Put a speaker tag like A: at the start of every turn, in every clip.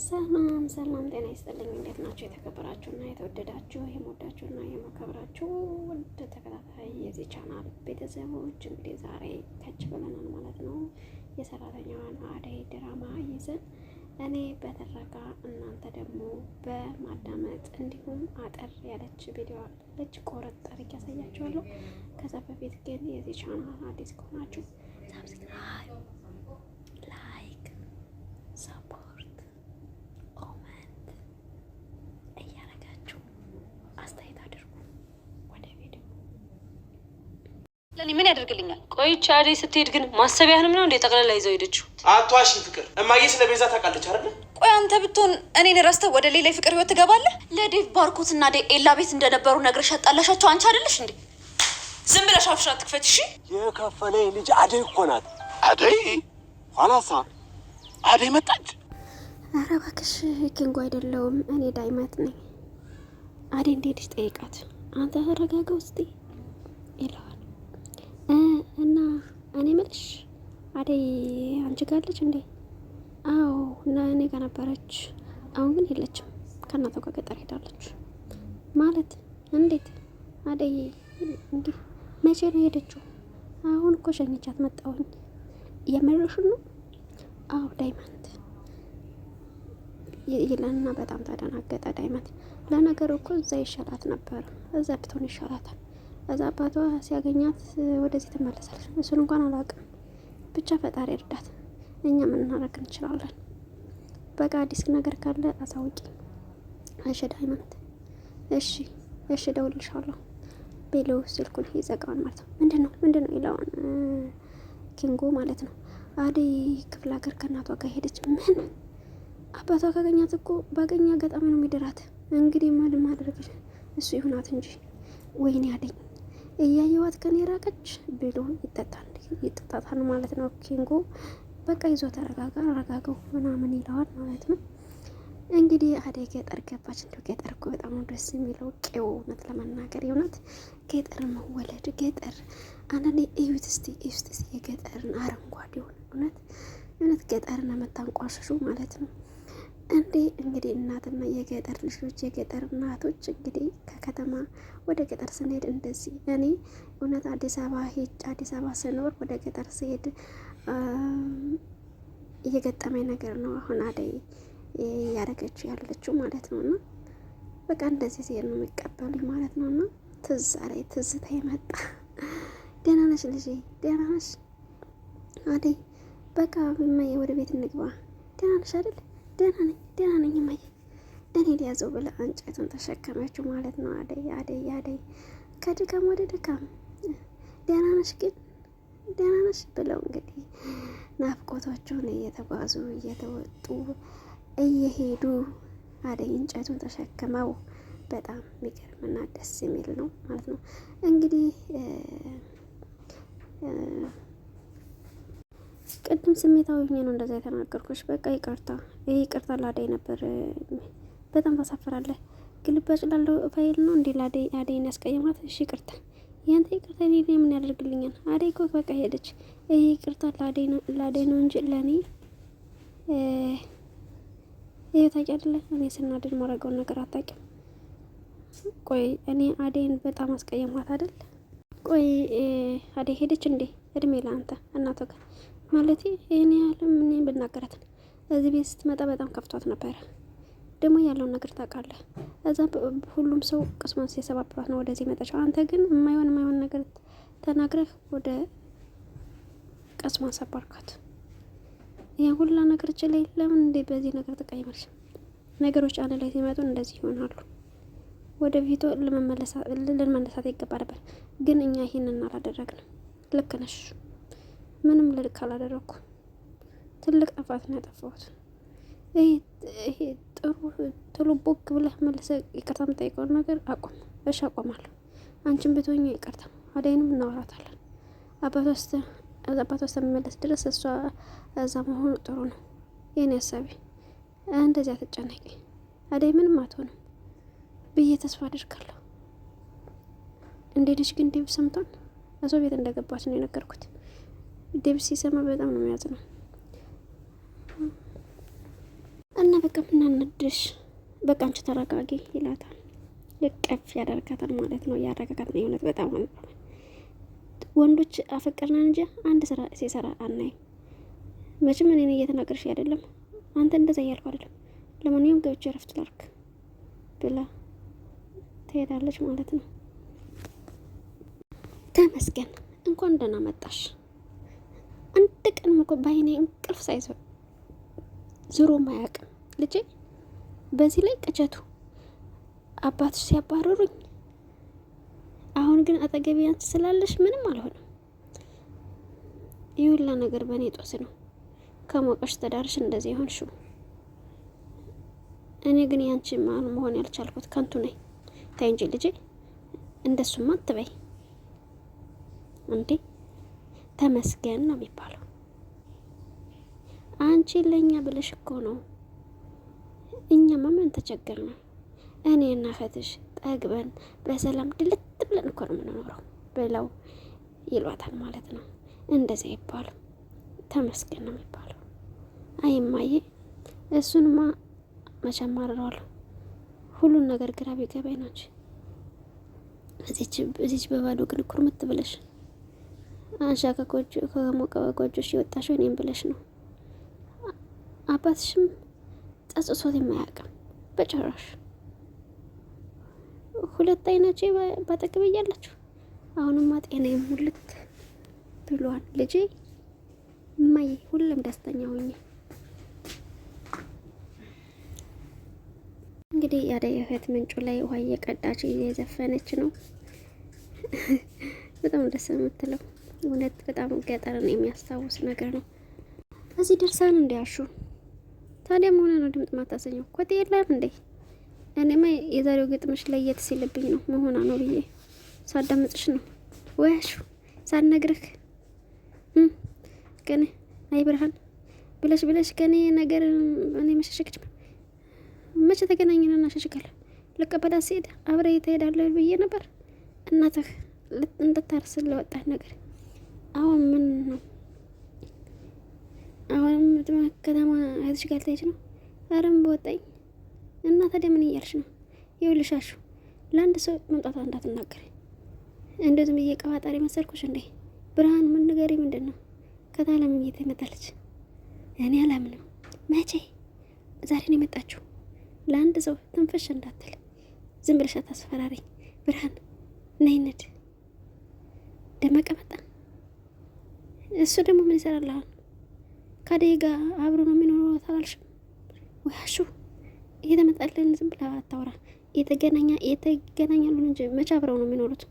A: ሰላም ሰላም፣ ጤና ይስጥልኝ። እንዴት ናቸው እና የተወደዳችሁ እና የማከብራችሁ ውድ ተከታታይ የዚህ ቻናል ቤተሰቦች እንግዲህ ዛሬ ከች ብለናል ማለት ነው። የሰራተኛዋን አደይ ድራማ ይዘን እኔ በትረካ እናንተ ደግሞ በማዳመጥ እንዲሁም አጠር ያለች ቪዲዮ አለች ቆረጥ አድርጌ ያሳያችኋለሁ። ከዛ በፊት ግን የዚህ ቻናል አዲስ ከሆናችሁ ሳብስክራይብ፣ ላይክ፣ ሰፖርት
B: ለእኔ ምን ያደርግልኛል? ቆይቼ አደይ ስትሄድ ግን ማሰቢያህንም ነው እንዴ ጠቅላላ ይዘው ሄደችው።
C: አቷሽ ፍቅር እማዬ ስለ ቤዛ ታውቃለች አይደለ?
B: ቆይ አንተ ብትሆን እኔን ረስተህ ወደ ሌላ የፍቅር ህይወት ትገባለህ። ለዴቭ ባርኮት እና ኤላ ቤት እንደነበሩ ነግረሽ ያጣላሻቸው አንቺ አይደለሽ እንዴ? ዝም ብለሽ አፍሽን አትክፈት እሺ።
D: የከፈለኝ ልጅ አደይ እኮ ናት።
C: አደይ ኋላሳ አደይ መጣች።
E: ኧረ እባክሽ ኪንጎ አይደለውም እኔ ዳይመት ነኝ። አደይ እንዴት ጠይቃት አንተ ተረጋጋ ውስጤ ይለዋል። እና እኔ ምልሽ አደይ አንቺ ጋር አለች እንዴ? አዎ እና እኔ ጋር ነበረች። አሁን ግን የለችም፣ ከእናቷ ጋር ገጠር ሄዳለች። ማለት እንዴት? አደይ እንዲህ መቼ ነው ሄደችው? አሁን እኮ ሸኝቻት መጣሁኝ። የምርሽን ነው? አዎ ዳይመንድ ይለና በጣም ተደናገጠ ዳይመንት ለነገሩ እኮ እዛ ይሻላት ነበር፣ እዛ ብትሆን ይሻላታል። እዛ አባቷ ሲያገኛት ወደዚህ ትመለሳለች። እሱን እንኳን አላውቅም። ብቻ ፈጣሪ እርዳት። እኛ ምን እናደርግ እንችላለን? በቃ አዲስ ነገር ካለ አሳውቂ። አሸድ ሃይማኖት። እሺ እሺ፣ እደውልልሻለሁ ቤሎ ስልኩን ይዘጋዋል ማለት ነው። ምንድን ነው ምንድን ነው ይለውን ኪንጎ ማለት ነው። አደይ ክፍለ ሀገር ከእናቷ ጋር ሄደች። ምን አባቷ ካገኛት እኮ ባገኘ አጋጣሚ ነው የሚደራት። እንግዲህ ምን ማድረግ እሱ ይሁናት እንጂ ወይኔ አደኝ እያየዋት ከኔ የራቀች ብሎ ይጠጣል ይጠጣታል ማለት ነው። ኪንጎ በቃ ይዞ ተረጋጋ ረጋገው ምናምን ይለዋል ማለት ነው። እንግዲህ አደይ ገጠር ገባች። እንደው ገጠር እኮ በጣም ደስ የሚለው ቄው እውነት ለመናገር የእውነት ገጠር መወለድ ገጠር አንዳንዴ እዩት እስቲ እዩት እስቲ የገጠርን አረንጓዴውን እውነት እውነት ገጠርን የምታንቋሽሹ ማለት ነው። እንዴ እንግዲህ እናትና የገጠር ልጆች የገጠር እናቶች እንግዲህ ከከተማ ወደ ገጠር ስንሄድ እንደዚህ እኔ እውነት አዲስ አበባ ሄጅ አዲስ አበባ ስኖር ወደ ገጠር ስሄድ እየገጠመኝ ነገር ነው። አሁን አደይ እያደረገችው ያለችው ማለት ነው። እና በቃ እንደዚህ ሲሄድ ነው የሚቀበሉኝ ማለት ነው። እና ትዛ ላይ ትዝታ የመጣ ደህና ነሽ ልጄ፣ ደህና ነሽ አደይ፣ በቃ ወደ ቤት እንግባ፣ ደህና ነሽ አይደል ደህና ነኝ ደህና ነኝ እማዬ እኔን ያዘው ብላ እንጨቱን ተሸከመችው ማለት ነው። አደይ አደይ አደይ ከድካም ወደ ድካም ደህና ነሽ ግን ደህና ነሽ ብለው እንግዲህ ናፍቆታቸውን እየተጓዙ እየተወጡ እየሄዱ አደይ እንጨቱን ተሸክመው በጣም የሚገርምና ደስ የሚል ነው ማለት ነው እንግዲህ ቅድም ስሜታዊ ሆኜ ነው እንደዛ የተናገርኩሽ። በቃ ይቅርታ። ይህ ይቅርታ ላደይ ነበር። በጣም ታሳፍራለህ። ግልባጭ ላለው ፋይል ነው እንዴ ላደይ አደይን ያስቀየማት? እሺ ይቅርታ። ያንተ ይቅርታ ኔ ምን ያደርግልኛል? አደይ እኮ በቃ ሄደች። ይህ ይቅርታ ላደይ ነው እንጂ ለእኔ ይህ ታውቂያለህ፣ እኔ ስናደድ ማድረገውን ነገር አታውቂም። ቆይ እኔ አደይን በጣም አስቀየማት አይደል? ቆይ አደይ ሄደች እንዴ? እድሜ ለአንተ እናቶ ጋር ማለት ይህን ያህልም ምን ብናገረት እዚህ ቤት ስትመጣ በጣም ከፍቷት ነበረ። ደግሞ ያለውን ነገር ታውቃለህ። እዛ ሁሉም ሰው ቅስሟን ሲሰባብሯት ነው ወደዚህ መጣችው። አንተ ግን የማይሆን የማይሆን ነገር ተናግረህ ወደ ቅስሟን ሰባርካት። ያን ሁላ ነገር ችላ ለምን እንዴ በዚህ ነገር ትቀይማለች? ነገሮች አንድ ላይ ሲመጡ እንደዚህ ይሆናሉ። ወደ ፊቱ ልንመለሳት ይገባ ነበር፣ ግን እኛ ይህንን አላደረግንም። ልክ ነሽ። ምንም ልልክ አላደረኩም። ትልቅ ጥፋት ነው ያጠፋሁት። ይሄ ጥሩ ትሎ ቦግ ብለህ መልሰህ ይቅርታ የምጠይቀውን ነገር አቁም። እሺ አቆማለሁ። አንቺን ብትሆኝ ይቅርታ፣ አደይንም እናወራታለን። አባቷ እስከሚመለስ ድረስ እሷ እዛ መሆኑ ጥሩ ነው። ይህን ያሳቢ እንደዚያ ተጨናቂ አደይ ምንም አትሆንም ብዬ ተስፋ አድርጋለሁ። እንዴ ልጅ ግን ዲብ ሰምቷን እሷ ቤት እንደገባች ነው የነገርኩት። ድምፅ ሲሰማ በጣም ነው ነው። እና በቃ ምናነድሽ በቃ አንቺ ተረጋጊ ይላታል። ልቀፍ ያደርጋታል ማለት ነው። ያረጋጋት ነው የእውነት በጣም ወንዶች አፈቀርና እንጂ አንድ ስራ ሲሰራ አናይም። መቼም እኔ እየተናገርሽ አይደለም አንተ እንደዛ እያልኩ አይደለም። ለማንኛውም ገብቼ ረፍት ላርክ ብላ ትሄዳለች ማለት ነው። ተመስገን እንኳን ደህና መጣሽ። አንድ ቀን እኮ በአይኔ እንቅልፍ ሳይዘው ዙሮም አያውቅም ልጄ። በዚህ ላይ ቅጀቱ አባትሽ ሲያባረሩኝ፣ አሁን ግን አጠገቤ አንቺ ስላለሽ ምንም አልሆነም። ይህ ሁላ ነገር በእኔ ጦስ ነው። ከሞቀሽ ተዳርሽ እንደዚህ የሆንሽው እኔ ግን ያንቺ ማን መሆን ያልቻልኩት ከንቱ ነኝ። ተይ እንጂ ልጄ፣ እንደሱማ አትበይ እንዴ! ተመስገን ነው የሚባለው። አንቺ ለእኛ ብለሽ እኮ ነው። እኛማ ምን ተቸገር ነው? እኔ እና ፈትሽ ጠግበን በሰላም ድልት ብለን እኮ ነው የምንኖረው ብለው ይሏታል ማለት ነው። እንደዚያ ይባሉ ተመስገን ነው የሚባሉ። አይማዬ እሱንማ መቼም ሁሉን ነገር ግራ ቢገባኝ ነው እዚች በባዶ ግን ኩርምት ብለሽ አንሻ ከሞቀ ጎጆሽ የወጣሽው እኔም ብለሽ ነው። አባትሽም ጸጽሶት የማያውቅም በጭራሽ። ሁለት አይናቸው ባጠገብ እያላችሁ አሁንማ ጤናዬ ሙልት ብሏል ልጄ። እማዬ ሁሉም ደስተኛ ሆኜ እንግዲህ የአደይ እህት ምንጩ ላይ ውሃ እየቀዳች እየዘፈነች ነው። በጣም ደስ ነው የምትለው። እውነት በጣም ገጠርን የሚያስታውስ ነገር ነው። እዚህ ደርሳን እንዲያሹ ታዲያ መሆነ ነው ድምጽ ማታሰኘው ኮቴ የለም እንዴ? እኔማ የዛሬው ግጥምሽ ለየት ሲልብኝ ነው መሆና ነው ብዬ ሳዳምጥሽ ነው ወያሹ ሳነግርህ ከኔ አይ ብርሃን ብለሽ ብለሽ ከኔ ነገር እኔ መሸሸግች መቼ ተገናኘን እናሸሽጋለን ልቀበላት ስሄድ አብረ ትሄዳለህ ብዬ ነበር እናትህ እንድታርስል ለወጣት ነገር አሁን ምን ነው? አሁንም ከተማ እህትሽ ጋር ልትሄጂ ነው? አረም በወጣኝ እና ታዲያ ምን እያልሽ ነው? ይኸውልሻሹ ለአንድ ሰው መምጣቷ እንዳትናገር እንደ ዝም ብዬ ቀባጣሪ መሰልኩሽ እንዴ? ብርሃን ምን ንገሪ፣ ምንድን ነው ከታለም እየት መጣለች? እኔ አላምንም። መቼ ዛሬ ነው የመጣችው? ለአንድ ሰው ትንፈሽ እንዳትል ዝም ብለሽ አታስፈራሪ። ብርሃን ነይነድ ደመቀ መጣ እሱ ደግሞ ምን ይሰራልሃል? ከአደይ ጋር አብሮ ነው የሚኖረው ታላልሽም ወያሹ እየተመጣልን ዝም ብላ አታወራ። የተገናኛ የተገናኛሉ እንጂ መቼ አብረው ነው የሚኖሩት?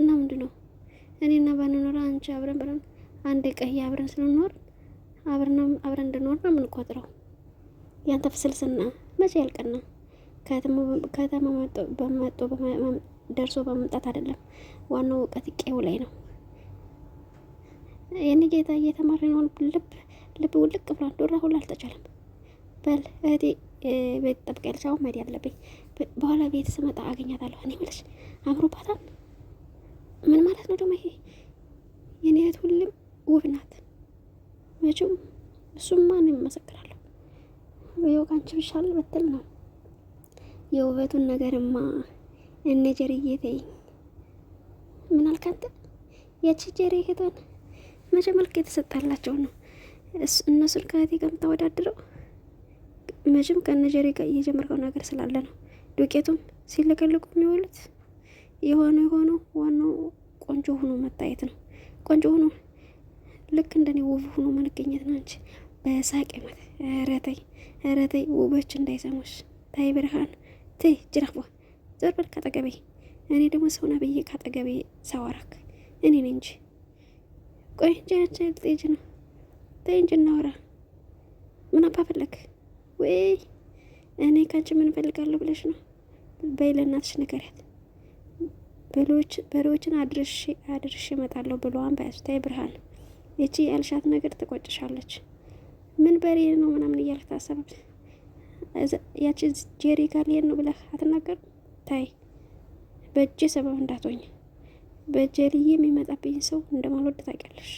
E: እና ምንድን ነው እኔና ባንኖረ አንቺ አብረን ብረን አንድ ቀይ አብረን ስንኖር አብረን አብረን እንድኖር ነው የምንቆጥረው። ያንተ ፍስልስና መቼ ያልቀና ከተማ በመጦ ደርሶ በመምጣት አይደለም ዋናው እውቀት ቄው ላይ ነው። የኔ ጌታ እየተማረ ልብ ልብ ውልቅ ብሏል። ዶራ ሁሉ አልተቻለም። በል እህቴ ቤት ጠብቂያለሽ። አሁን መሄድ ያለብኝ በኋላ ቤት ስመጣ አገኛታለሁ። እኔ የምልሽ አምሮባታል። ምን ማለት ነው ደግሞ ይሄ? የኔ እህት ሁሌም ውብ ናት። መቼም እሱም ማን ይመሰክራለሁ። ያው ካንቺ ብሻል በትል ነው የውበቱን ነገርማ እነ ጀርዬ ተይኝ። ምን አልክ አንተ? ያቺ ጀሬ እህቷን መቼ መልክ የተሰጣላቸው ነው እነሱን ከእህቴ ጋር የምታወዳድረው? መቼም ከነጀሬ ጋር እየጀመርከው ነገር ስላለ ነው። ዱቄቱም ሲለቀልቁ የሚውሉት የሆነ የሆነ ዋናው ቆንጆ ሆኖ መታየት ነው። ቆንጆ ሆኖ ልክ እንደኔ ውብ ሆኖ መገኘት ነው እንጂ በሳቅ መት ረተይ ረተይ ውቦች እንዳይሰሙሽ ታይ ብርሃን ት ጅራፏ ዞር በል ካጠገቤ። እኔ ደግሞ ሰውና ብዬ ካጠገቤ ሰዋራክ እኔ እንጂ ቆይ እንጂ አንቺ ልትሄጂ ነው? ተይ እንጂ እናውራ። ምን አባ ፈለግ? ወይ እኔ ከአንቺ ምን ፈልጋለሁ ብለሽ ነው? በይ ለእናትሽ ንገሪያት። በሬዎችን አድርሽ አድርሽ እመጣለሁ ብለዋን በያስታይ ብርሃን ይቺ ያልሻት ነገር ትቆጭሻለች። ምን በሬ ነው ምናምን እያልክ ታሰባል። ያቺ ጄሪ ጋር ነው ብለህ አትናገር። ታይ በእጄ ሰበብ እንዳትሆኝ በጀልዬ የሚመጣብኝ ሰው እንደማልወድ ታውቂያለሽ።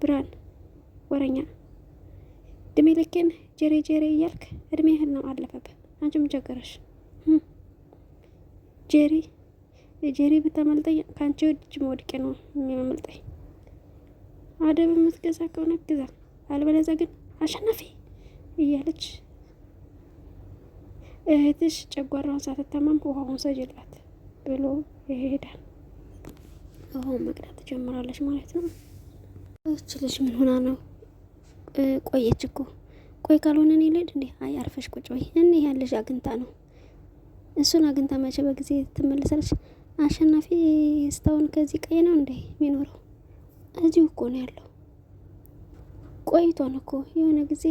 E: ብርሃን ወረኛ እድሜ ልኬን ጀሬ ጀሬ እያልክ እድሜ ያህል ነው አለፈብህ። አንቺም ቸገረሽ ጀሪ ጀሪ ብታመልጠኝ ከአንቺ እጅ መውደቄ ነው የሚያመልጠኝ። አደብ የምትገዛ ከሆነ ግዛ፣ አልበለዛ ግን አሸናፊ እያለች እህትሽ ጨጓራውን ሳትታመም ውሃውን ሰጅላት ብሎ ይሄዳል። ውሃውን መቅዳት ትጀምራለች ማለት ነው። እች ልጅ ምን ሆና ነው? ቆየች እኮ ቆይ ካልሆነ እኔ ልድ እንዴ? አይ አርፈሽ ቁጭ በይ። እኔ ያ ልጅ አግኝታ ነው እሱን አግኝታ መቼ በጊዜ ትመለሳለች። አሸናፊ ስታውን ከዚህ ቀይ ነው እንዴ የሚኖረው? እዚሁ እኮ ነው ያለው። ቆይቷን እኮ የሆነ ጊዜ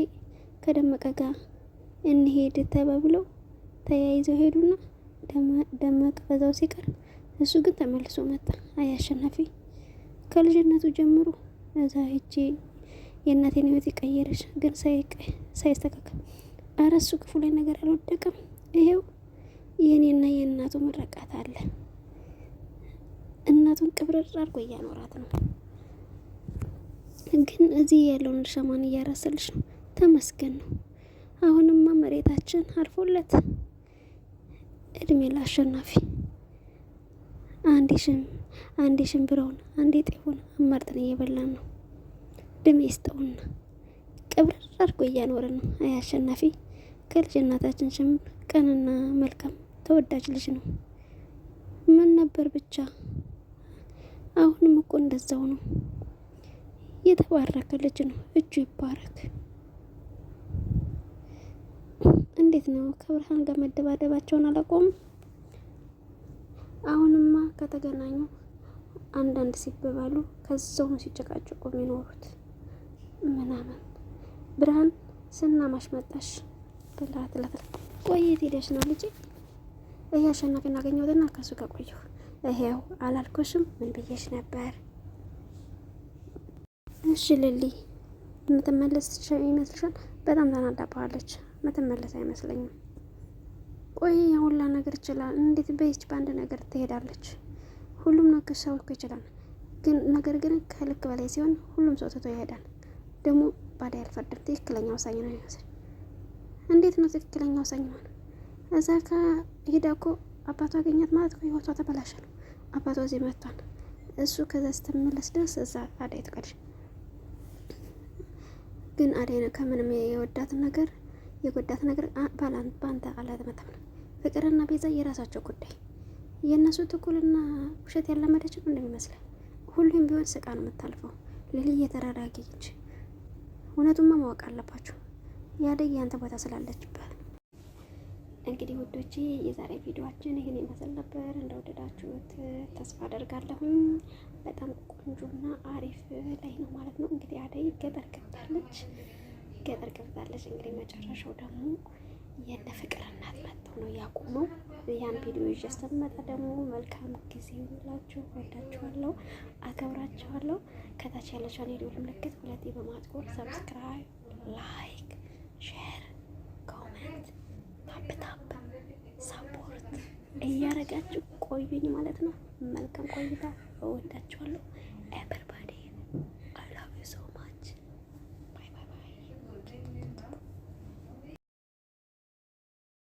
E: ከደመቀ ጋር እንሄድ ተባብለው ተያይዘው ሄዱና ደመቀ በዛው ሲቀር እሱ ግን ተመልሶ መጣ። አይ አሸናፊ ከልጅነቱ ጀምሮ እዛ ሄጄ የእናቴን ህይወት የቀየረች ግን ሳይስተካከል፣ አረ እሱ ክፉ ላይ ነገር አልወደቀም። ይሄው የእኔና የእናቱ ምረቃት አለ። እናቱን ቅብርር አድርጎ እያኖራት ነው። ግን እዚህ ያለውን ሸማን እያረሰልሽ ነው? ተመስገን ነው። አሁንማ መሬታችን አርፎለት እድሜ ለአሸናፊ አንዴ ሽም አንዴ ሽምብራውን አንዴ ጤፉን አማርጠን እየበላን ነው። ድሜ ይስጠውና ቅብር አድርጎ እያኖረ ነው። አይ አሸናፊ ከልጅ እናታችን ሽም ቀንና መልካም ተወዳጅ ልጅ ነው። ምን ነበር ብቻ አሁንም እኮ እንደዛው ነው። የተባረከ ልጅ ነው። እጁ ይባረክ። እንዴት ነው ከብርሃን ጋር መደባደባቸውን አላቆሙም? አሁንማ ከተገናኙ አንዳንድ ሲበባሉ ከዛው ነው ሲጨቃጨቁ የሚኖሩት ምናምን ብርሃን ስናማሽ መጣሽ ብላ ትላትል። ቆየት ሄደሽ ነው ልጅ ይህ አሸናፊን አገኘሁትና ከሱ ጋር ቆየሁ። ይሄው አላልኩሽም ምን ብዬሽ ነበር? እሺ ልሊ የምትመለስ ይመስልሻል? በጣም ተናዳባዋለች። የምትመለስ አይመስለኝም። ቆይ የሁላ ነገር ይችላል። እንዴት በይች በአንድ ነገር ትሄዳለች? ሁሉም ነገር ሰው እኮ ይችላል፣ ግን ነገር ግን ከልክ በላይ ሲሆን ሁሉም ሰው ትቶ ይሄዳል። ደግሞ ባዳ ያልፈርድም። ትክክለኛ ውሳኝ ነው ይመስል እንዴት ነው ትክክለኛ ውሳኝ ሆነ? እዛ ከሄዳ እኮ አባቷ አገኛት ማለት ነው። ህይወቷ ተበላሸ ነው። አባቷ እዚህ መቷል። እሱ ከዛ ስተመለስ ድረስ እዛ አዳይ ትቀድሽ። ግን አዳይ ነው ከምንም የወዳት ነገር የጎዳት ነገር በአንተ አላተመታም ነው ፍቅርና ቤዛ የራሳቸው ጉዳይ። የእነሱ ትኩልና ውሸት ያለመደች ነው እንደሚመስለን። ሁሉም ቢሆን ስቃ ነው የምታልፈው። ልል የተረዳጊች እውነቱማ ማወቅ አለባችሁ። ያደግ ያንተ ቦታ ስላለችበት እንግዲህ ውዶቼ የዛሬ ቪዲዮችን ይህን ይመስል ነበር። እንደወደዳችሁት ተስፋ አደርጋለሁኝ። በጣም ቆንጆና አሪፍ ላይ ነው ማለት ነው። እንግዲህ አደይ ገጠር ገብታለች፣ ገጠር ገብታለች። እንግዲህ መጨረሻው ደግሞ የነ ፍቅር እናት መጥተው ነው ያቆመው። ያን ቪዲዮ ይዤ እስከምመጣ ደግሞ መልካም ጊዜ ይሁንላችሁ። ወዳችኋለሁ፣ አከብራችኋለሁ። ከታች ያለችውን የደወል ምልክት ሁለቴ በማጥቆር ሰብስክራይብ፣ ላይክ፣ ሼር፣ ኮመንት፣ ታፕ ሰፖርት እያረጋችሁ ቆዩኝ ማለት ነው። መልካም ቆይታ። እወዳችኋለሁ።